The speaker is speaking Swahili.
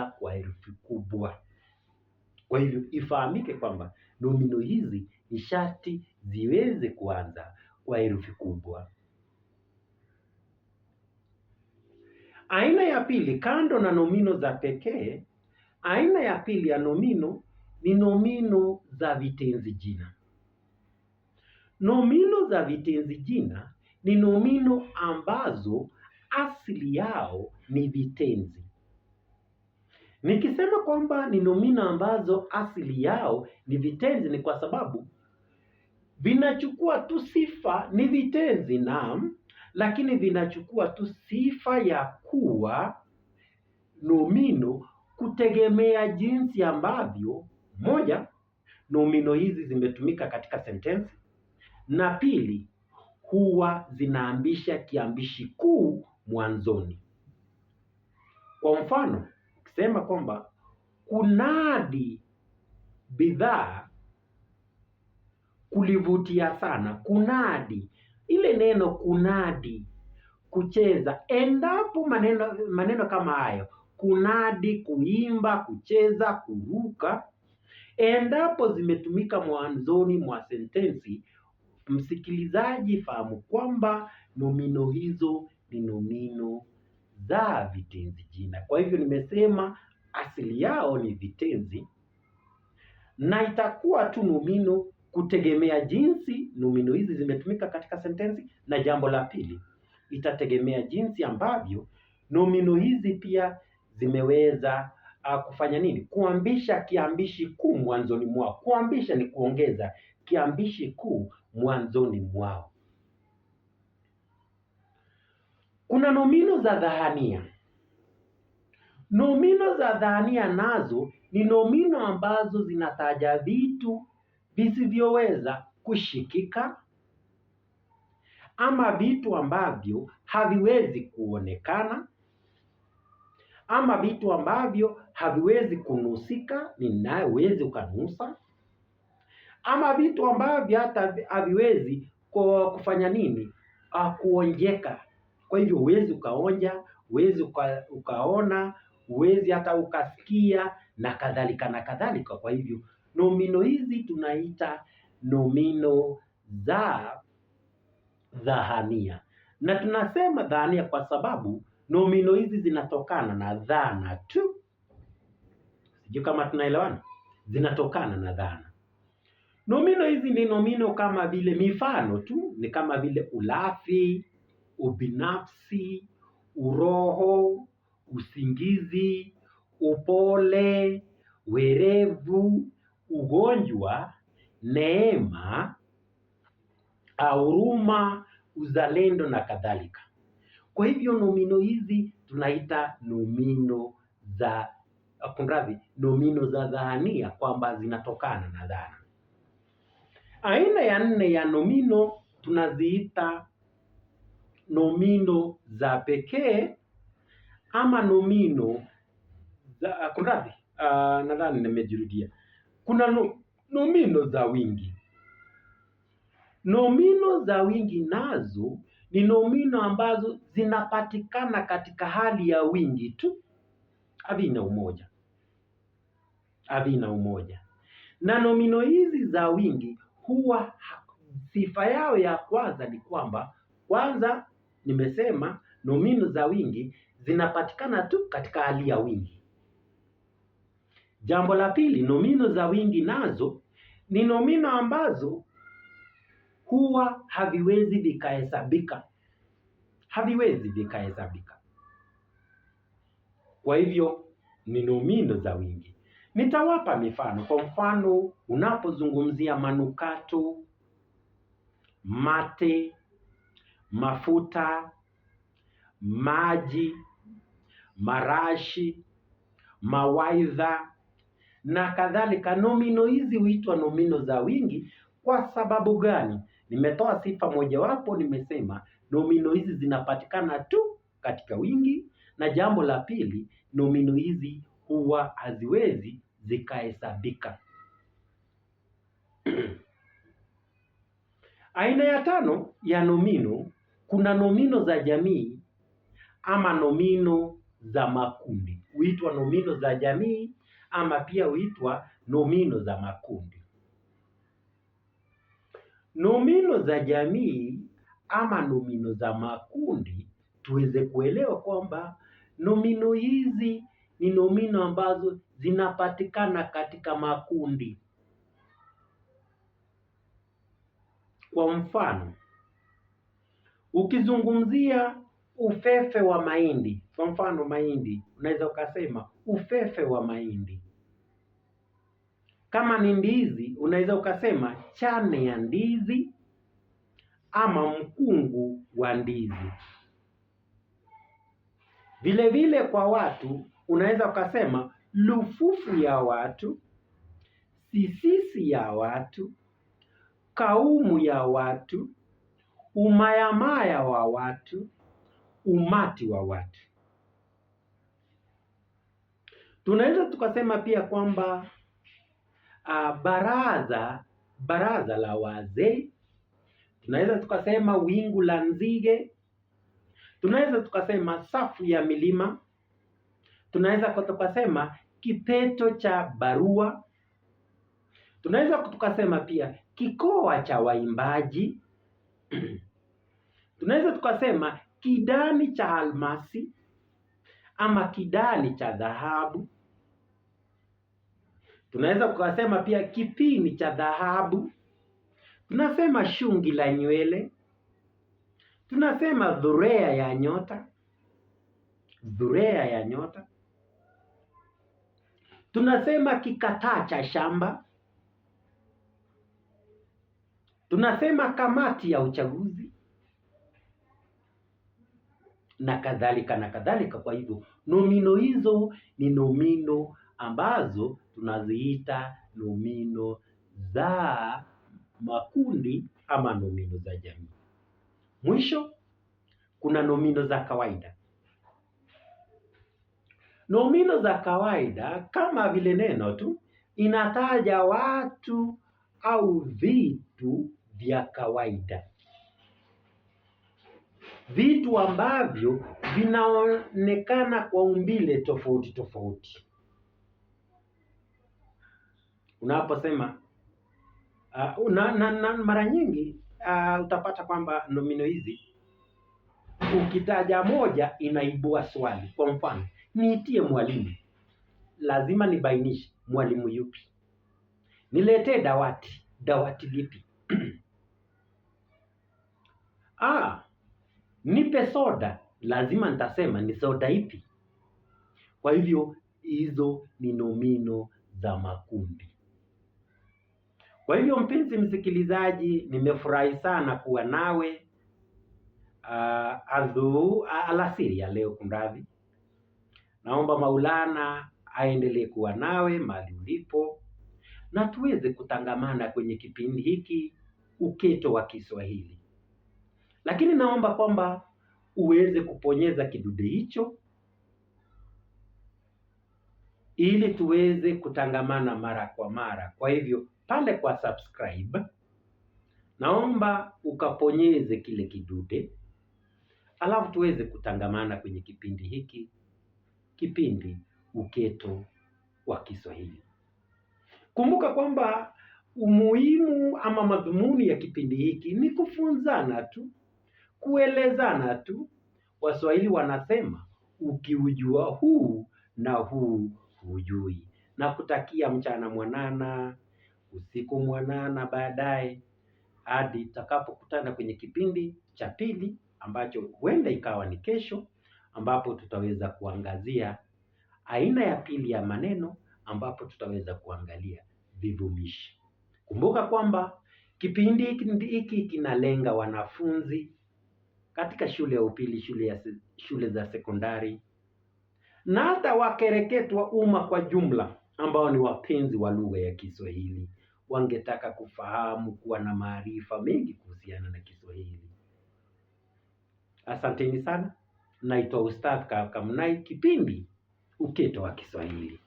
kwanza kwa herufi kubwa. Kwa hivyo ifahamike kwamba nomino hizi ni sharti ziweze kuanza kwa herufi kubwa. Aina ya pili, kando na nomino za pekee, aina ya pili ya nomino ni nomino za vitenzi jina. Nomino za vitenzi jina ni nomino ambazo asili yao ni vitenzi Nikisema kwamba ni nomina ambazo asili yao ni vitenzi ni kwa sababu vinachukua tu sifa, ni vitenzi naam, lakini vinachukua tu sifa ya kuwa nomino kutegemea jinsi ambavyo moja, nomino hizi zimetumika katika sentensi, na pili, huwa zinaambisha kiambishi kuu mwanzoni. Kwa mfano, kusema kwamba kunadi bidhaa kulivutia sana. Kunadi, ile neno kunadi, kucheza. Endapo maneno maneno kama hayo, kunadi, kuimba, kucheza, kuruka, endapo zimetumika mwanzoni mwa sentensi, msikilizaji fahamu kwamba nomino hizo ni nomino za vitenzi jina. Kwa hivyo nimesema asili yao ni vitenzi na itakuwa tu nomino kutegemea jinsi nomino hizi zimetumika katika sentensi. Na jambo la pili, itategemea jinsi ambavyo nomino hizi pia zimeweza uh, kufanya nini? Kuambisha kiambishi kuu mwanzoni mwao. Kuambisha ni kuongeza kiambishi kuu mwanzoni mwao. Kuna nomino za dhahania. Nomino za dhahania nazo ni nomino ambazo zinataja vitu visivyoweza kushikika ama vitu ambavyo haviwezi kuonekana ama vitu ambavyo haviwezi kunusika, uwezi ukanusa ama vitu ambavyo hata haviwezi kufanya nini, ah, kuonjeka kwa hivyo huwezi ukaonja, huwezi uka, ukaona, huwezi hata ukasikia na kadhalika na kadhalika. Kwa hivyo nomino hizi tunaita nomino za dhahania, na tunasema dhahania kwa sababu nomino hizi zinatokana na dhana tu. Sijui kama tunaelewana, zinatokana na dhana. Nomino hizi ni nomino kama vile, mifano tu ni kama vile ulafi, ubinafsi, uroho, usingizi, upole, werevu, ugonjwa, neema, huruma, uzalendo na kadhalika. Kwa hivyo nomino hizi tunaita nomino za kunradhi, nomino za dhania, kwamba zinatokana na dhana. Aina ya nne ya nomino tunaziita nomino za pekee ama nomino za ah, kunradhi, uh, ah, nadhani nimejirudia. Kuna nomino za wingi. Nomino za wingi nazo ni nomino ambazo zinapatikana katika hali ya wingi tu, havina umoja, havina umoja. Na nomino hizi za wingi huwa sifa yao ya kwanza ni kwamba kwanza nimesema nomino za wingi zinapatikana tu katika hali ya wingi. Jambo la pili, nomino za wingi nazo ni nomino ambazo huwa haviwezi vikahesabika, haviwezi vikahesabika. Kwa hivyo ni nomino za wingi. Nitawapa mifano. Kwa mfano, unapozungumzia manukato, mate, mafuta, maji, marashi, mawaidha na kadhalika. Nomino hizi huitwa nomino za wingi. Kwa sababu gani? Nimetoa sifa mojawapo, nimesema nomino hizi zinapatikana tu katika wingi, na jambo la pili, nomino hizi huwa haziwezi zikahesabika. Aina ya tano ya nomino kuna nomino za jamii ama nomino za makundi, huitwa nomino za jamii ama pia huitwa nomino za makundi. Nomino za jamii ama nomino za makundi, tuweze kuelewa kwamba nomino hizi ni nomino ambazo zinapatikana katika makundi. Kwa mfano, Ukizungumzia ufefe wa mahindi, kwa mfano mahindi, unaweza ukasema ufefe wa mahindi. Kama ni ndizi, unaweza ukasema chane ya ndizi ama mkungu wa ndizi. Vile vile kwa watu, unaweza ukasema lufufu ya watu, sisisi ya watu, kaumu ya watu umayamaya wa watu, umati wa watu. Tunaweza tukasema pia kwamba uh, baraza baraza la wazee, tunaweza tukasema wingu la nzige, tunaweza tukasema safu ya milima, tunaweza tukasema kipeto cha barua, tunaweza tukasema pia kikoa cha waimbaji tunaweza tukasema kidani cha almasi ama kidani cha dhahabu. Tunaweza tukasema pia kipini cha dhahabu, tunasema shungi la nywele, tunasema dhurea ya nyota, dhurea ya nyota, tunasema kikataa cha shamba tunasema kamati ya uchaguzi na kadhalika na kadhalika. Kwa hivyo nomino hizo ni nomino ambazo tunaziita nomino za makundi ama nomino za jamii. Mwisho kuna nomino za kawaida. Nomino za kawaida kama vile neno tu inataja watu au vitu vya kawaida, vitu ambavyo vinaonekana kwa umbile tofauti tofauti. Unaposema uh, na, na, na mara nyingi uh, utapata kwamba nomino hizi ukitaja moja inaibua swali. Kwa mfano, niitie mwalimu, lazima nibainishe mwalimu yupi. Niletee dawati, dawati lipi? ah, nipe soda, lazima nitasema ni soda ipi. Kwa hivyo hizo ni nomino za makundi. Kwa hivyo mpenzi msikilizaji, nimefurahi sana kuwa nawe uh, adhu alasiri ya leo kunradhi. Naomba Maulana aendelee kuwa nawe mahali ulipo na tuweze kutangamana kwenye kipindi hiki Uketo wa Kiswahili. Lakini naomba kwamba uweze kuponyeza kidude hicho ili tuweze kutangamana mara kwa mara. Kwa hivyo pale kwa subscribe, naomba ukaponyeze kile kidude, alafu tuweze kutangamana kwenye kipindi hiki, kipindi Uketo wa Kiswahili. Kumbuka kwamba umuhimu ama madhumuni ya kipindi hiki ni kufunzana tu kuelezana tu. Waswahili wanasema ukiujua huu na huu hujui, na kutakia mchana mwanana, usiku mwanana, baadaye hadi tutakapokutana kwenye kipindi cha pili ambacho huenda ikawa ni kesho, ambapo tutaweza kuangazia aina ya pili ya maneno, ambapo tutaweza kuangalia vivumishi. Kumbuka kwamba kipindi hiki kinalenga wanafunzi katika shule ya upili, shule ya shule za sekondari na hata wakereketwa wa umma kwa jumla ambao ni wapenzi wa lugha ya Kiswahili wangetaka kufahamu, kuwa na maarifa mengi kuhusiana na Kiswahili. Asanteni sana. Naitwa Ustadh Kakamnai, kipindi Uketo wa Kiswahili.